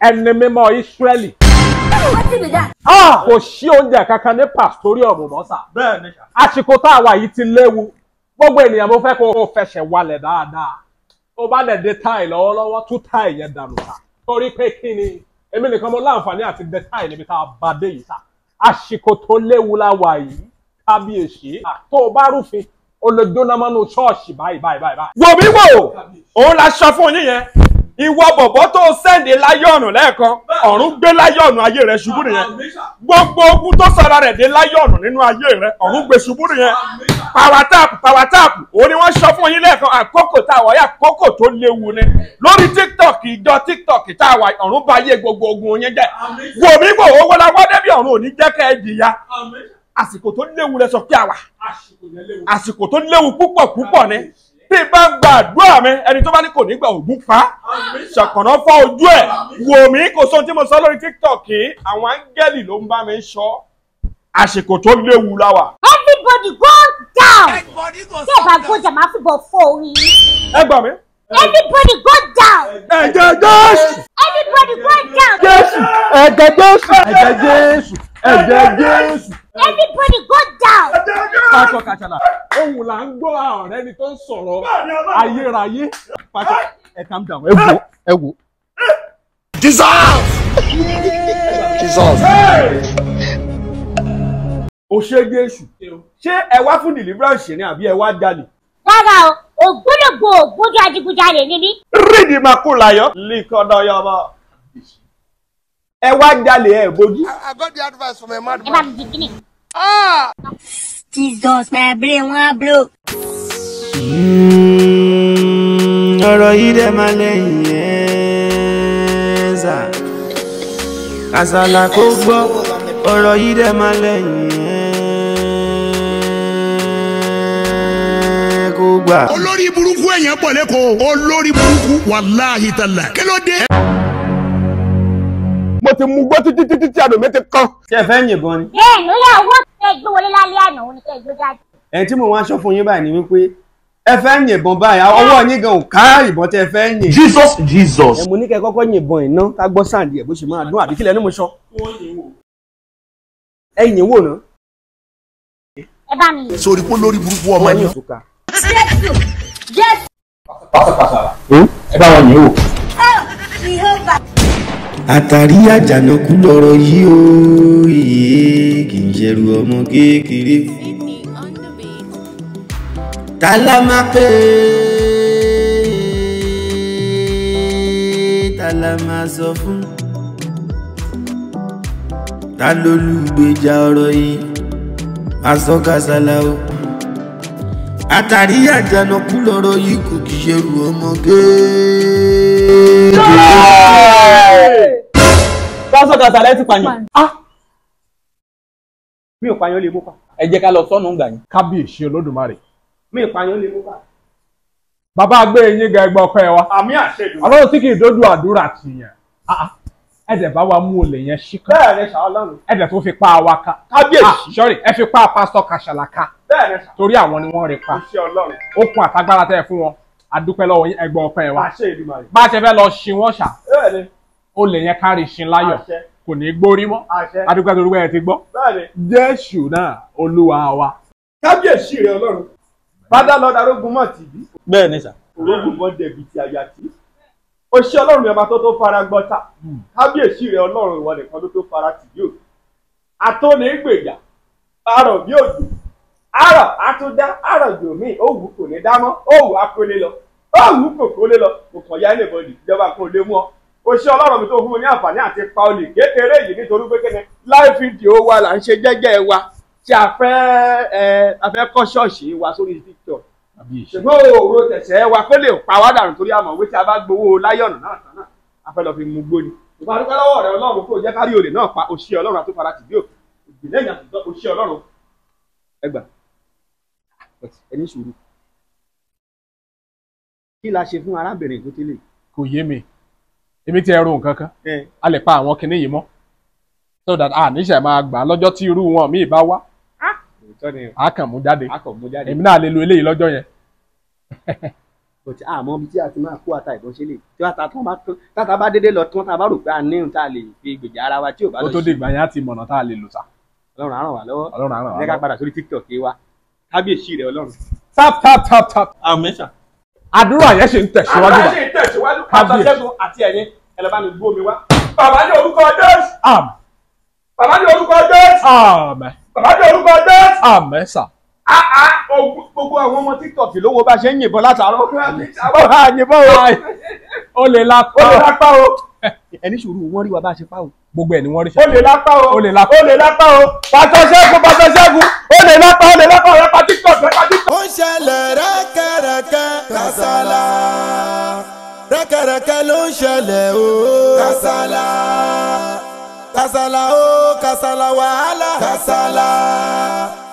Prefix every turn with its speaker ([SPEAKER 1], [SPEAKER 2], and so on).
[SPEAKER 1] ẹni mímọ́ Ah, kò sí oúnjẹ kankan ní pàtórí ọ̀rùn mọ́ sà. àsìkò tá a wà yìí ti léwu gbogbo ènìyàn mo fẹ́ kó o fẹsẹ̀ walẹ̀ dáadáa o bá dẹ̀ dé táì lọ́wọ́lọ́wọ́ tú táì yẹn dànù sà torí pé kí ni èmi nìkan mo láǹfààní àti dẹ táì níbi tá a bá dé yìí sà àsìkò tó léwu la wà yìí kábíyèsí tó o bá rúfin o lè ṣọ́ọ̀ṣì báyìí báyìí báyìí. wò mí wò òun la sọ fún yín yẹn ìwọ bọ̀bọ̀ tó sẹ́ǹdì láyọ̀nù lẹ́ẹ̀kan ọ̀run gbé láyọ̀nù ayé rẹ ṣubú nìyẹn gbogbo ogun tó sọ̀rọ̀ rẹ̀ dé láyọ̀nù nínú ayé rẹ ọ̀run gbé ṣubú nìyẹn pàwátàpù pàwátàpù òun ni wọ́n sọ fún yín lẹ́ẹ̀kan àkókò tá a wáyé àkókò tó léwu ni lórí tiktok ìjọ tiktok tá a wà ọ̀run bá yé gbogbo ogun yín jẹ́ wòmí wò owó lọ́wọ́ débi ọ̀run ò ní jẹ́ kẹ́ ẹ jìyà àsìkò tó léwu lẹ sọ pé àwà àsìkò tó léwu púpọ̀ púpọ̀ ni bí bá ń gba àdúrà mi ẹni tó bá ní kò ní gba ògún pa ṣàkànná fọ́ ojú ẹ̀ wò mí kò sóhun tí mo sọ lórí tiktok yìí àwọn áńgẹ́lì ló ń bá mi sọ àsìkò tó léwu la wà. everybody go down tí ẹ bá gbọ́dọ̀ máa fi bọ̀ fọ́ orí. ẹ gbà mí. everybody go down. ẹ̀jẹ̀ jésù. everybody go down. jésù ẹ̀jẹ̀ jésù ẹ̀jẹ̀ jésù ẹ̀jẹ̀ jésù everybody go down. pàṣọ kàṣàlà ohun là ń gbọ́ ọ̀rẹ́ ni tó ń sọ̀rọ̀ ayérayé pàṣọ ẹ calm down ẹ wo ẹ wo. Jesus Jesus. òṣèjì èṣù ṣé ẹ wá fún deliverance ni àbí ẹ wá jalè. rárá o ògbólógbòó ògbójú adigunjalè ni mí. rídìí máa kú láyọ̀ lè kọ́ dọ́yọ́ bọ́ ẹ wá jalè ẹ bójú. I got the advice from a madman. ẹ bá mi di gíní. Ah! Jesus my brain wan blow. Hmm, ọ̀rọ̀ yìí dẹ̀ máa lẹ́yìn ẹ̀ ṣá kàṣàlà kó gbọ́ ọ̀rọ̀ yìí dẹ̀ máa lẹ́yìn ẹ̀ kó gbà. olórí burúkú ẹ̀yàn pọ̀ lẹ́kọ̀ọ́ olórí burúkú wàláhìí tàlà kí ló dé mo ti mú gbó títí títí tí àdùnmí ti kán. ṣé fẹ́ yìnbọn ni. bẹ́ẹ̀ ló yà owó tẹ gbé wọlé lálẹ́ àná òun ni kẹ́ gbé jáde. ẹ̀ tí mo wá aṣọ fún yín báyìí ni wípé ẹ fẹ́ yìnbọn báyìí ọwọ́ yín gan ò ká ìbọn tẹ fẹ́ yìn. Jesus Jesus. ẹ mo ní kẹ́ kọ́kọ́ yìnbọn iná ká gbọ́ sàǹdì ẹ̀ bó ṣe máa dún àbí kílẹ̀ ní mo sọ. ẹ wò ná. ẹ bá mi yìn. sori kó lórí burúkú ọmọ yín. ẹ bá wọn yìn wò. Oh, àtàrí àjànàkú lọ̀rọ̀ yìí ó yìí kì í ṣẹ̀rù ọmọ kékeré. ta la máa pè é ta la máa sọ fún ta lolùgbèjà ọ̀rọ̀ yìí máa àtàrí àjànàkú lọ̀rọ̀ yìí kò kì í ṣẹ̀rù ọmọ kékeré lásán kan sàlẹ̀ ti pààyàn. Ah! mi ò pààyàn lè mú pa. ẹ jẹ́ ká lọ sọ́nù gbà yín. kábíyèsí olódùmarè. mi ò pààyàn lè mú bàbá gbé yín ga ẹgbẹ́ ọkọ ẹ wa. àmì àṣẹ ìdùnnú. ọlọ́run tí kì í dójú àdúrà tì yàn ah, ah. ẹ̀dẹ̀ bá wa mú olè yẹn ṣíkà. bẹ́ẹ̀ ni sàá lánàá. ẹ̀dẹ̀ tó fi pa àwa ká. kábíyèsí. sọ́rí ẹ fi pa pásítọ̀ kàṣàlàkà. bẹ́ẹ̀ ni sàá. torí àwọn ni wọ́n rí pa. iṣẹ́ ọlọ́run. okun àtagbára tẹ́ ẹ fún wọn. àdúpẹ́ wa. àṣẹ ìdùnnú. bá a ṣe fẹ́ lọ ṣin wọ́n ṣà olè yẹn kárí sin láyọ̀ kò ní gbórí mọ́ adúgbò àti olùgbò yẹn ti gbọ́ jésù náà olúwa wa. kábíyèsí rẹ ọlọ́run bàdá lọ́dà arógun mọ̀ tìbí. bẹ́ẹ̀ ni sà. orógùn kan dẹ̀bi ti àyà tí. o ṣe ọlọ́run yẹn máa tó tó fara gbọ́ta hmm. kábíyèsí rẹ ọlọ́run ìwọ nìkan ló tó fara tìbí o. àtọ́ni gbèjà àrọ̀ bí òjò àrọ̀ àtúndá àrọ̀ jòmí òwú kò ní dá mọ́ òwú akólé lọ òwú kò kólé lọ kò kàn yá ẹnìbọdì ìjọba kan ò lè mú ọ o ṣe ọlọ́run mi tó fún mi ní àǹfààní àti pa olè kékeré yìí nítorí pé kéde live video wa là ń ṣe jẹ́jẹ́ wa tí a fẹ́ ẹ a fẹ́ kọ́ ṣọ́ọ̀ṣì wa sórí TikTok ṣùgbọ́n òòrò tẹ̀sẹ̀ wa kó lè pa wá dànù torí àmọ̀ wí tí a bá gbowó láyọ̀nù náà tán náà a fẹ́ lọ fi mú gbóni ìgbà tó pẹ́ lọ́wọ́ rẹ ọlọ́run kó jẹ́ kárí olè náà pa òṣì ọlọ́run àtúfara tìbí òkè ìgbìlẹ̀ ìyàn tó òṣì ọlọ́run ẹgbà ẹni sùúrù kí la ṣe fún arábìnrin èmi ti ẹrù nǹkan kan eh. a lè pa àwọn kinní yìí mọ́ so that a níṣẹ́ máa gbà lọ́jọ́ tí irú wọn míì bá wá ah. a kàn mú jáde èmi náà lè lo eléyìí lọ́jọ́ yẹn. but àmọ́ ibi tí a ti máa kó ata ìbọn ṣe lè tí ata tán bá tán tata bá dédé lọ tán tá a bá rò pé a ní ohun tá a lè fi gbèjà ara wa tí ò bá lọ sí. ó tó dé ìgbà yẹn á ti mọ̀nà tá a lè lò sá. ọlọ́run á ràn wá lọ́wọ́ ọlọ́run á ràn wá lọ́wọ́ ẹ ká padà sórí tiktok yìí wa kábíyèsí rẹ ọlọ́run. tap tap tap tap. àmín sà. àdúrà yẹn ṣe ń tẹ̀síwájú. àdúrà yẹn ṣe ń tẹ̀síwájú àtàṣẹ́gun àti ẹ̀yin ẹ̀lẹ́bá ni gbómi wá. bàbá ní orúkọ jésù. àmín. bàbá ní orúkọ jésù. àmín. bàbá ní orúkọ jésù. àmín sà. àà gbogbo àwọn ọmọ tiktok ló wo bá ṣe ń yìnbọn látàárọ̀. ọ̀hà yìnbọn o ó lè lápá o ó lè lápá o ẹni sùúrù wọn rí wa bá ṣe pa o gbogbo ẹ ni wọn rí ṣe. ó lè lápá o ó lè lápá o ó lè lápá o pàtó ṣẹ́gun pàtó ṣẹ́gun ó lè lápá ó lè lápá o rẹpa tiktok rẹpa tiktok. ó ṣẹlẹ̀ rẹ́kẹ̀rẹ̀kẹ̀ kásálà kẹ̀rẹ̀kẹ́ ló ń ṣẹlẹ̀ o. kasala kásálà o kásálà wàhálà. kásálà.